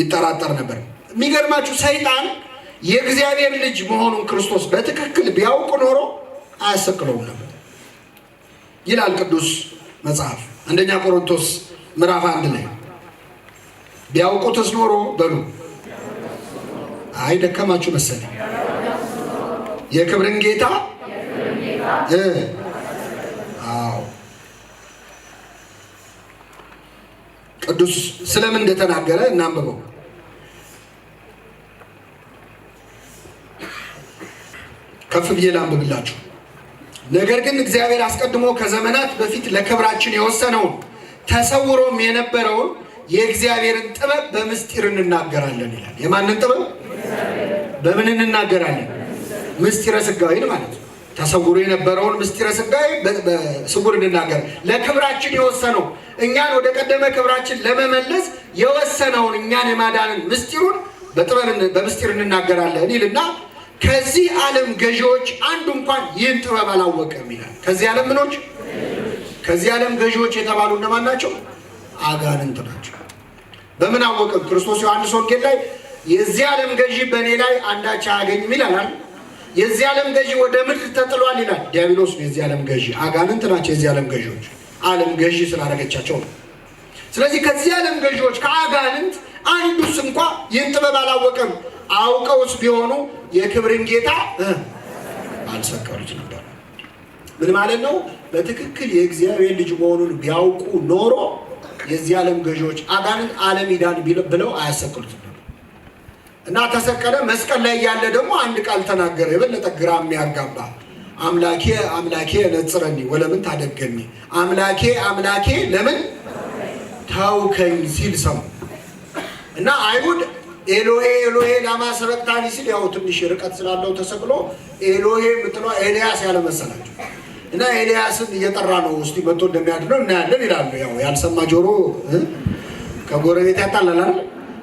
ይጠራጠር ነበር። የሚገርማችሁ ሰይጣን የእግዚአብሔር ልጅ መሆኑን ክርስቶስ በትክክል ቢያውቅ ኖሮ አያሰቅለውም ነበር ይላል ቅዱስ መጽሐፍ አንደኛ ቆሮንቶስ ምዕራፍ አንድ ላይ ቢያውቁትስ ኖሮ በሉ አይ ደከማችሁ መሰለ የክብርን ጌታ አዎ ቅዱስ ስለምን እንደተናገረ እናንብበው። ከፍ ብዬ ላንብብላችሁ። ነገር ግን እግዚአብሔር አስቀድሞ ከዘመናት በፊት ለክብራችን የወሰነውን ተሰውሮም የነበረውን የእግዚአብሔርን ጥበብ በምስጢር እንናገራለን ይላል። የማንን ጥበብ በምን እንናገራለን? ምስጢረ ስጋዊን ማለት ነው። ተሰውሮ የነበረውን ምስጢረ ስጋዊ በስውር እንናገር ለክብራችን የወሰነው እኛን ወደ ቀደመ ክብራችን ለመመለስ የወሰነውን እኛን የማዳንን ምስጢሩን በምስጢር እንናገራለን ይልና ከዚህ ዓለም ገዢዎች አንዱ እንኳን ይህን ጥበብ አላወቀም ይላል። ከዚህ ዓለም ምኖች ከዚህ ዓለም ገዢዎች የተባሉ እነማን ናቸው? አጋንንት ናቸው። በምን አወቅም? ክርስቶስ ዮሐንስ ወንጌል ላይ የዚህ ዓለም ገዢ በእኔ ላይ አንዳች አያገኝም ይላል። የዚህ ዓለም ገዢ ወደ ምድር ተጥሏል ይላል። ዲያብሎስ ነው የዚህ ዓለም ገዢ። አጋንንት ናቸው የዚህ ዓለም ገዢዎች። ዓለም ገዢ ስላደረገቻቸው ነው። ስለዚህ ከዚህ ዓለም ገዢዎች ከአጋንንት አንዱስ እንኳ ይህን ጥበብ አላወቀም። አውቀውስ ቢሆኑ የክብርን ጌታ አልሰቀሉት ነበር። ምን ማለት ነው? በትክክል የእግዚአብሔር ልጅ መሆኑን ቢያውቁ ኖሮ የዚህ ዓለም ገዢዎች አጋንንት ዓለም ይዳን ብለው አያሰቅሉትም ነበር። እና ተሰቀለ መስቀል ላይ ያለ ደግሞ አንድ ቃል ተናገረ፣ የበለጠ ግራ የሚያጋባ አምላኬ አምላኬ ነጽረኒ ወለምን ታደገኒ፣ አምላኬ አምላኬ ለምን ታውከኝ ሲል ሰሙ እና አይሁድ ኤሎሄ ኤሎሄ ላማ ሰበቅታኒ ሲል ያው ትንሽ ርቀት ስላለው ተሰቅሎ ኤሎሄ ምትለ ኤልያስ ያለመሰላቸው እና ኤልያስን እየጠራ ነው ውስጥ መጥቶ እንደሚያድነው እናያለን ይላሉ። ያው ያልሰማ ጆሮ ከጎረቤት ያጣላላል።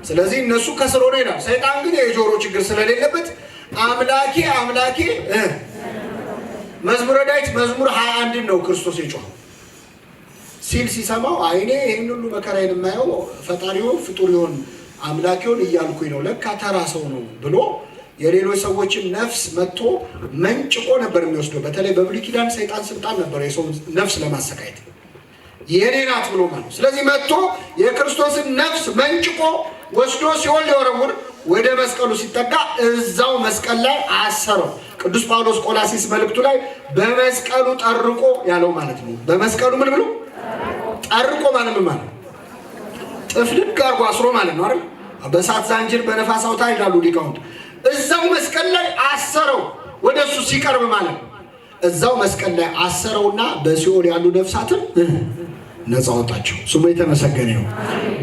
ስለዚህ እነሱ ከስር ሆነ ይላል። ሰይጣን ግን የጆሮ ችግር ስለሌለበት አምላኬ አምላኬ መዝሙረ ዳዊት መዝሙር ሀያ አንድን ነው ክርስቶስ የጮኸው ሲል ሲሰማው አይኔ ይህን ሁሉ መከራዬን የማየው ፈጣሪውን ፍጡሪውን አምላኪውን እያልኩኝ ነው ለካ ተራ ሰው ነው ብሎ የሌሎች ሰዎችን ነፍስ መጥቶ መንጭቆ ነበር የሚወስደው። በተለይ በብሉይ ኪዳን ሰይጣን ስልጣን ነበር የሰው ነፍስ ለማሰቃየት የኔ ናት ብሎ ማለት ነው። ስለዚህ መጥቶ የክርስቶስን ነፍስ መንጭቆ ወስዶ ሲሆን ሊወረውር ወደ መስቀሉ ሲጠጋ እዛው መስቀል ላይ አሰረው። ቅዱስ ጳውሎስ ቆላሲስ መልእክቱ ላይ በመስቀሉ ጠርቆ ያለው ማለት ነው። በመስቀሉ ምን ብሎ ጠርቆ ማለት ምን ማለት ጥፍልቅ አርጎ አስሮ ማለት ነው አይደል? በእሳት ዛንጅር በነፋስ አውታ ይላሉ ሊቃውንት። እዛው መስቀል ላይ አሰረው ወደ እሱ ሲቀርብ ማለት ነው። እዛው መስቀል ላይ አሰረውና በሲኦል ያሉ ነፍሳትን ነፃ ወጣቸው። ስሙ የተመሰገነ ነው።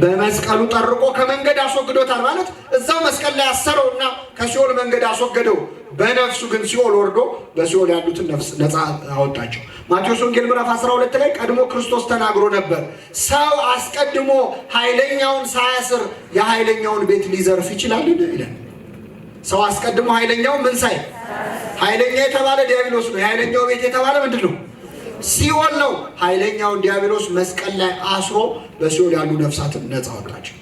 በመስቀሉ ጠርቆ ከመንገድ አስወግዶታል ማለት እዛው መስቀል ላይ አሰረውና ከሲኦል መንገድ አስወገደው። በነፍሱ ግን ሲኦል ወርዶ በሲኦል ያሉትን ነፍስ ነፃ አወጣቸው። ማቴዎስ ወንጌል ምዕራፍ 12 ላይ ቀድሞ ክርስቶስ ተናግሮ ነበር። ሰው አስቀድሞ ኃይለኛውን ሳያስር የኃይለኛውን ቤት ሊዘርፍ ይችላልን? ይላል። ሰው አስቀድሞ ኃይለኛውን ምን ሳይ ኃይለኛ የተባለ ዲያብሎስ ነው። የኃይለኛው ቤት የተባለ ምንድን ነው? ሲኦል ነው። ኃይለኛውን ዲያብሎስ መስቀል ላይ አስሮ በሲኦል ያሉ ነፍሳትን ነፃ አወጣቸው።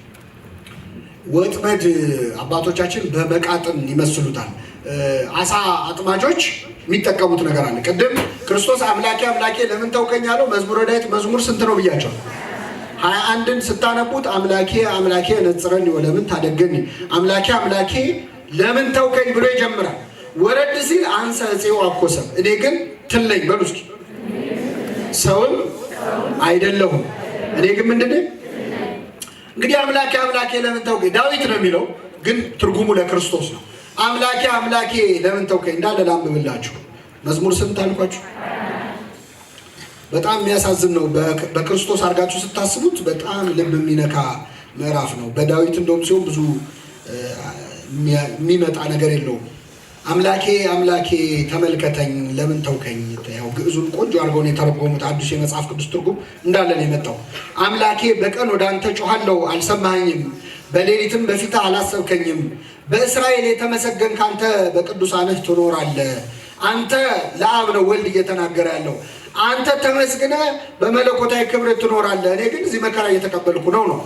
ወጥመድ አባቶቻችን በመቃጥን ይመስሉታል። አሳ አጥማጆች የሚጠቀሙት ነገር አለ። ቅድም ክርስቶስ አምላኬ አምላኬ ለምን ተውከኝ አለው። መዝሙረ ዳዊት መዝሙር ስንት ነው ብያቸው ሀያ አንድን ስታነቡት አምላኬ አምላኬ ነጽረኒ ወለምን ታደገኒ፣ አምላኬ አምላኬ ለምን ተውከኝ ብሎ ይጀምራል። ወረድ ሲል አንሰ እፄው አኮሰም፣ እኔ ግን ትለኝ በሉ እስኪ ሰውም አይደለሁም እኔ ግን ምንድን እንግዲህ አምላኬ አምላኬ ለምን ተውከኝ ዳዊት ነው የሚለው፣ ግን ትርጉሙ ለክርስቶስ ነው። አምላኬ አምላኬ ለምን ተውከኝ እንዳለ ላንብብላችሁ። መዝሙር ስንት አልኳችሁ? በጣም የሚያሳዝን ነው። በክርስቶስ አድርጋችሁ ስታስቡት በጣም ልብ የሚነካ ምዕራፍ ነው። በዳዊት እንደውም ሲሆን ብዙ የሚመጣ ነገር የለውም። አምላኬ አምላኬ ተመልከተኝ ለምን ተውከኝ። ያው ግዕዙን ቆንጆ አድርገውን የተረጎሙት። አዲሱ የመጽሐፍ ቅዱስ ትርጉም እንዳለን የመጣው። አምላኬ በቀን ወደ አንተ ጮኋለሁ፣ አልሰማኸኝም፣ በሌሊትም በፊት አላሰብከኝም። በእስራኤል ካንተ አንተ በቅዱሳንህ ትኖራለህ። አንተ ለአብ ነው ወልድ እየተናገረ ያለው አንተ ተመስግነ በመለኮታዊ ክብር ትኖራለህ። እኔ ግን እዚህ መከራ እየተቀበልኩ ነው ነው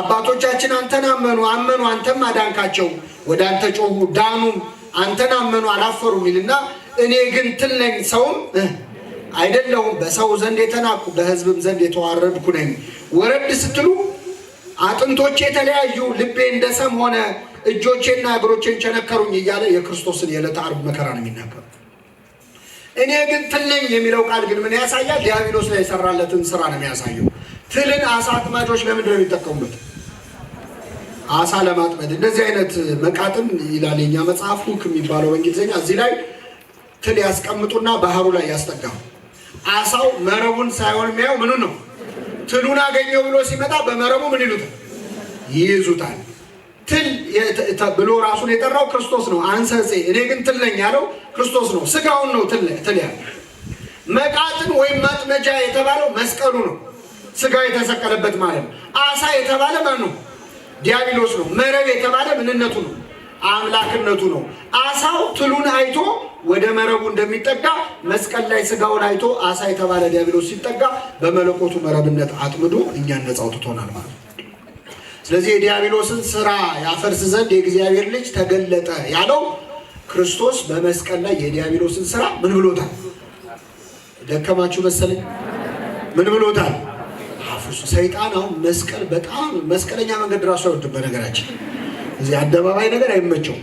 አባቶቻችን አንተን አመኑ አመኑ፣ አንተም አዳንካቸው። ወደ አንተ ጮሁ ዳኑም አንተን አመኑ አላፈሩ ሚልና እኔ ግን ትል ነኝ ሰውም አይደለሁም፣ በሰው ዘንድ የተናኩ በህዝብም ዘንድ የተዋረድኩ ነኝ። ወረድ ስትሉ አጥንቶቼ የተለያዩ፣ ልቤ እንደ ሰም ሆነ፣ እጆቼና እግሮቼን ቸነከሩኝ እያለ የክርስቶስን የዕለተ ዓርብ መከራ ነው የሚናገሩ። እኔ ግን ትል ነኝ የሚለው ቃል ግን ምን ያሳያል? ዲያብሎስ ላይ የሰራለትን ስራ ነው የሚያሳየው። ትልን አሳ አጥማጆች ለምንድን ነው የሚጠቀሙበት? አሳ ለማጥመድ እንደዚህ አይነት መቃጥን ይላል የኛ መጽሐፍ ሁክ የሚባለው በእንግሊዝኛ። እዚህ ላይ ትል ያስቀምጡና ባህሩ ላይ ያስጠጋሙ። አሳው መረቡን ሳይሆን የሚያው ምኑን ነው? ትሉን አገኘው ብሎ ሲመጣ በመረቡ ምን ይሉታል? ይይዙታል። ትል ብሎ ራሱን የጠራው ክርስቶስ ነው። አንሰጼ እኔ ግን ትል ነኝ ያለው ክርስቶስ ነው። ስጋውን ነው ትል ያለ መቃጥን ወይም መጥመጃ የተባለው መስቀሉ ነው። ስጋው የተሰቀለበት ማለት ነው። አሳ የተባለ ማን ነው? ዲያብሎስ ነው። መረብ የተባለ ምንነቱ ነው፣ አምላክነቱ ነው። አሳው ትሉን አይቶ ወደ መረቡ እንደሚጠጋ መስቀል ላይ ስጋውን አይቶ አሳ የተባለ ዲያብሎስ ሲጠጋ በመለኮቱ መረብነት አጥምዶ እኛን ነፃ አውጥቶናል ማለት ነው። ስለዚህ የዲያብሎስን ስራ ያፈርስ ዘንድ የእግዚአብሔር ልጅ ተገለጠ ያለው ክርስቶስ በመስቀል ላይ የዲያብሎስን ስራ ምን ብሎታል? ደከማችሁ መሰለኝ። ምን ብሎታል? አፍርሱ። ሰይጣን አሁን መስቀል በጣም መስቀለኛ መንገድ ራሱ አይወድም። በነገራችን እዚህ አደባባይ ነገር አይመቸውም።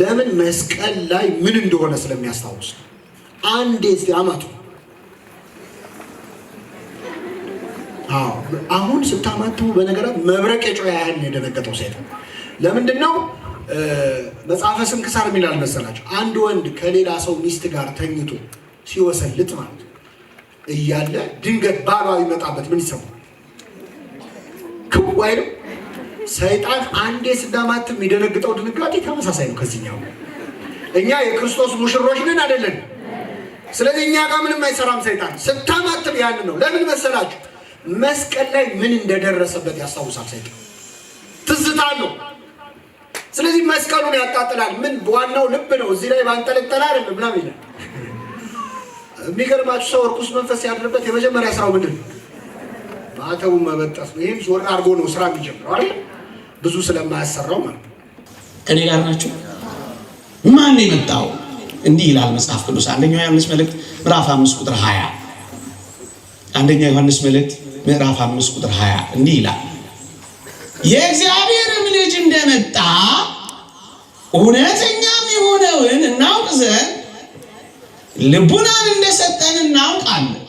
ለምን? መስቀል ላይ ምን እንደሆነ ስለሚያስታውስ። አንዴ እስቲ አማቱ። አዎ አሁን ስታማቱ በነገራት መብረቅ የጮ ያህል የደነገጠው ሰይጣን ለምንድን ነው? መጽሐፈ ስንክሳር የሚላል መሰላቸው አንድ ወንድ ከሌላ ሰው ሚስት ጋር ተኝቶ ሲወሰልት ማለት እያለ ድንገት ባሏ ይመጣበት ምን ይሰማል? ክዋይ ነው። ሰይጣን አንዴ ስዳማትም የሚደነግጠው ድንጋጤ ተመሳሳይ ነው ከዚህኛው። እኛ የክርስቶስ ሙሽሮች ነን አይደለን? ስለዚህ እኛ ጋር ምንም አይሰራም ሰይጣን። ስታማትም ያንን ነው። ለምን መሰላችሁ? መስቀል ላይ ምን እንደደረሰበት ያስታውሳል ሰይጣን። ትዝታ ነው። ስለዚህ መስቀሉን ያጣጥላል። ምን ዋናው ልብ ነው። እዚህ ላይ ባንጠለጠላ አይደለም ምናምን ይላል የሚገርማችሁ ሰው እርኩስ መንፈስ ያድርበት የመጀመሪያ ስራው ምንድን ነው? ማተቡን መበጠስ ነው። ይህም ዞር አድርጎ ነው ስራ የሚጀምረው አይደል? ብዙ ስለማያሰራው ማለት ነው። ከኔ ጋር ናቸው። ማን የመጣው እንዲህ ይላል መጽሐፍ ቅዱስ አንደኛው ዮሐንስ መልእክት ምዕራፍ አምስት ቁጥር ሀያ አንደኛው ዮሐንስ መልእክት ምዕራፍ አምስት ቁጥር ሀያ እንዲህ ይላል የእግዚአብሔርም ልጅ እንደመጣ እውነተኛም የሆነውን እናውቅ ዘንድ ልቡናን እንደሰጠን እናውቃለን።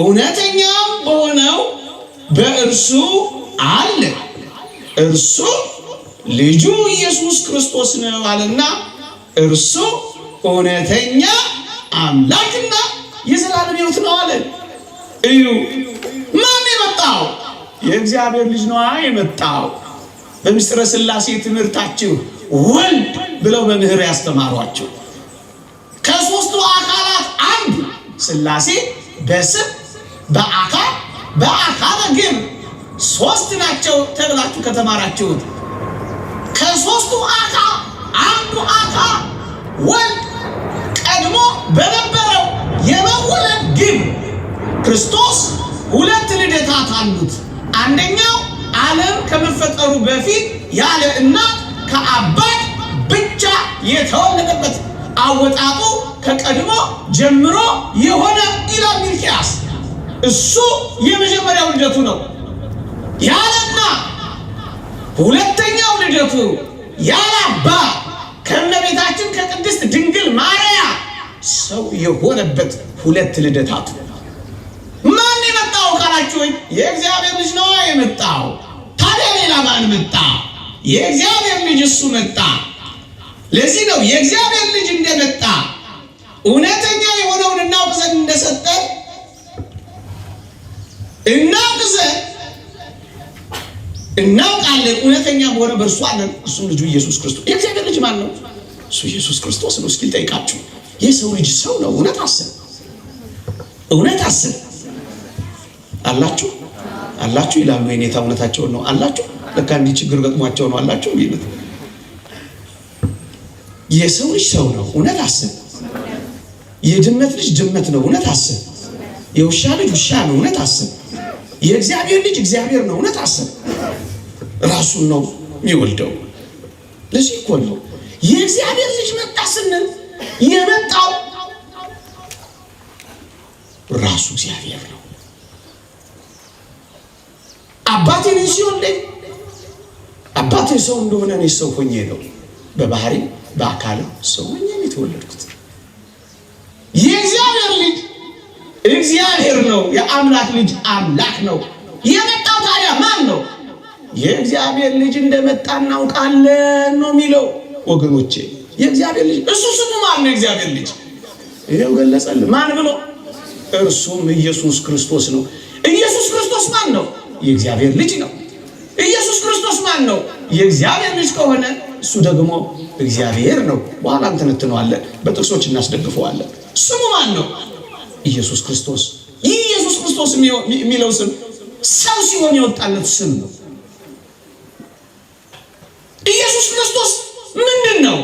እውነተኛም በሆነው በእርሱ አለ እርሱ ልጁ ኢየሱስ ክርስቶስ ነው አለና እርሱ እውነተኛ አምላክና የዘላለም ሕይወት ነው አለ። እዩ ማን የመጣው? የእግዚአብሔር ልጅ ነዋ የመጣው። በምስጢረ ሥላሴ ትምህርታችሁ ወልድ ብለው በምህር ያስተማሯቸው ስላሴ በስም በአካል በአካ ግን ሶስት ናቸው ተብላችሁ ከተማራችሁት ከሶስቱ አካ አንዱ አካ ወልድ ቀድሞ በነበረው የመወለድ ግን ክርስቶስ ሁለት ልደታት አሉት። አንደኛው ዓለም ከመፈጠሩ በፊት ያለ እናት ከአባት ብቻ የተወለደበት አወጣጡ ከቀድሞ ጀምሮ የሆነ ኢላም ሚልኪያስ እሱ የመጀመሪያው ልደቱ ነው ያለና ሁለተኛው ልደቱ አባ ከእመቤታችን ከቅድስት ድንግል ማርያ ሰው የሆነበት ሁለት ልደታት ማን የመጣው ካላችሁ የእግዚአብሔር ልጅ ነዋ የመጣው ታዲያ ሌላ ማን መጣ የእግዚአብሔር ልጅ እሱ መጣ ለዚህ ነው የእግዚአብሔር ልጅ እንደመጣ እውነተኛ የሆነውን እናውቅ ዘንድ እንደሰጠን እናውቅ ዘንድ እናውቃለን። እውነተኛ በሆነ በእርሱ አለን። እሱም ልጁ ኢየሱስ ክርስቶስ። የእግዚአብሔር ልጅ ማን ነው? እሱ ኢየሱስ ክርስቶስ ነው። እስኪ ልጠይቃችሁ፣ የሰው ልጅ ሰው ነው? እውነት አስብ፣ እውነት አስብ። አላችሁ አላችሁ ይላሉ የኔታ። እውነታቸውን ነው አላችሁ። ለካ እንዲህ ችግር ገጥሟቸው ነው አላችሁ የሚሉት። የሰው ልጅ ሰው ነው። እውነት አስብ የድመት ልጅ ድመት ነው፣ እውነት አስብ። የውሻ ልጅ ውሻ ነው፣ እውነት አስብ። የእግዚአብሔር ልጅ እግዚአብሔር ነው፣ እውነት አስብ። ራሱን ነው የሚወልደው። ለዚህ እኮ ነው የእግዚአብሔር ልጅ መጣ ስንል የመጣው ራሱ እግዚአብሔር ነው። አባቴን ሲወልደኝ አባቴ ሰው እንደሆነ እኔ ሰው ሆኜ ነው በባህሪ በአካልም ሰው ሆኜ የተወለድኩት። እግዚአብሔር ነው። የአምላክ ልጅ አምላክ ነው። የመጣው ታዲያ ማን ነው? የእግዚአብሔር ልጅ እንደመጣ እናውቃለን ነው የሚለው ወገኖቼ። የእግዚአብሔር ልጅ እሱ ስሙ ማን ነው? የእግዚአብሔር ልጅ ይሄው ገለጸል። ማን ብሎ? እርሱም ኢየሱስ ክርስቶስ ነው። ኢየሱስ ክርስቶስ ማን ነው? የእግዚአብሔር ልጅ ነው። ኢየሱስ ክርስቶስ ማን ነው? የእግዚአብሔር ልጅ ከሆነ እሱ ደግሞ እግዚአብሔር ነው። በኋላ እንትንትነዋለን፣ በጥቅሶች እናስደግፈዋለን። ስሙ ማን ነው? ኢየሱስ ክርስቶስ ይህ ኢየሱስ ክርስቶስ የሚለው ስም ሰው ሲሆን የወጣለት ስም ነው። ኢየሱስ ክርስቶስ ምንድን ነው?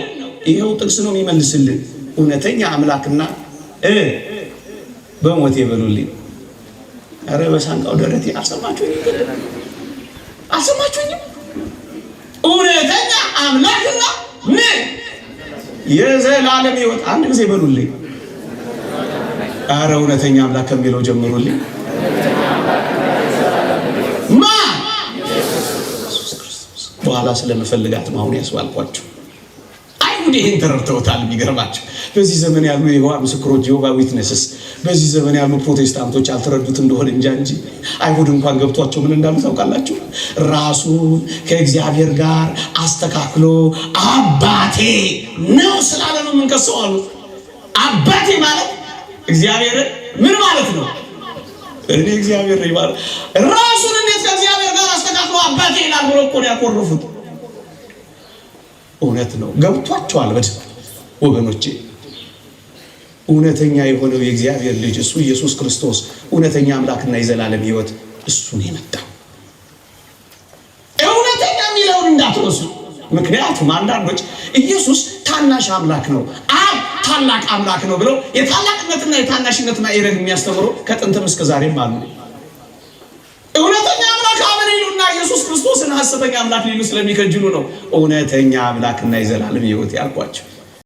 ይኸው ጥቅስ ነው የሚመልስልን። እውነተኛ አምላክና በሞት የበሉልኝ። ኧረ በሳንቃው ደረቴ አልሰማችሁኝ? አልሰማችሁኝም? እውነተኛ አምላክና ምን የዘላለም ሕይወት አንድ ጊዜ በሉልኝ አረ እውነተኛ አምላክ ከሚለው ጀምሩልኝ። ማ በኋላ ስለመፈልጋት ነው አሁን ያስባልኳቸው። አይሁድ ይህን ተረድተውታል። የሚገርማቸው በዚህ ዘመን ያሉ የይሖዋ ምስክሮች ጆባ ዊትነስስ በዚህ ዘመን ያሉ ፕሮቴስታንቶች አልተረዱት እንደሆነ እንጃ እንጂ አይሁድ እንኳን ገብቷቸው ምን እንዳሉ ታውቃላችሁ? ራሱን ከእግዚአብሔር ጋር አስተካክሎ አባቴ ነው ስላለ ነው የምንከሰው አሉት። አባቴ ማለት እግዚአብሔርን ምን ማለት ነው? እኔ እግዚአብሔር ነኝ ማለት ራሱን እንዴት ከእግዚአብሔር ጋር አስተካክሎ አባቴ ይላል ብሎ እኮ ነው ያኮረፉት። እውነት ነው፣ ገብቷቸዋል በደንብ ወገኖቼ። እውነተኛ የሆነው የእግዚአብሔር ልጅ እሱ ኢየሱስ ክርስቶስ እውነተኛ አምላክና የዘላለም ሕይወት እሱን የመጣው እውነተኛ የሚለውን እንዳትወስዱ። ምክንያቱም አንዳንዶች ኢየሱስ ታናሽ አምላክ ነው አብ ታላቅ አምላክ ነው ብለው የታላቅነትና የታናሽነት የረግ የሚያስተምሩ ከጥንትም እስከ ዛሬም አሉ። እውነተኛ አምላክ አብን ይሉና ኢየሱስ ክርስቶስን ሐሰተኛ አምላክ ሊሉ ስለሚከጅሉ ነው እውነተኛ አምላክና የዘላለም ሕይወት ያልኳቸው።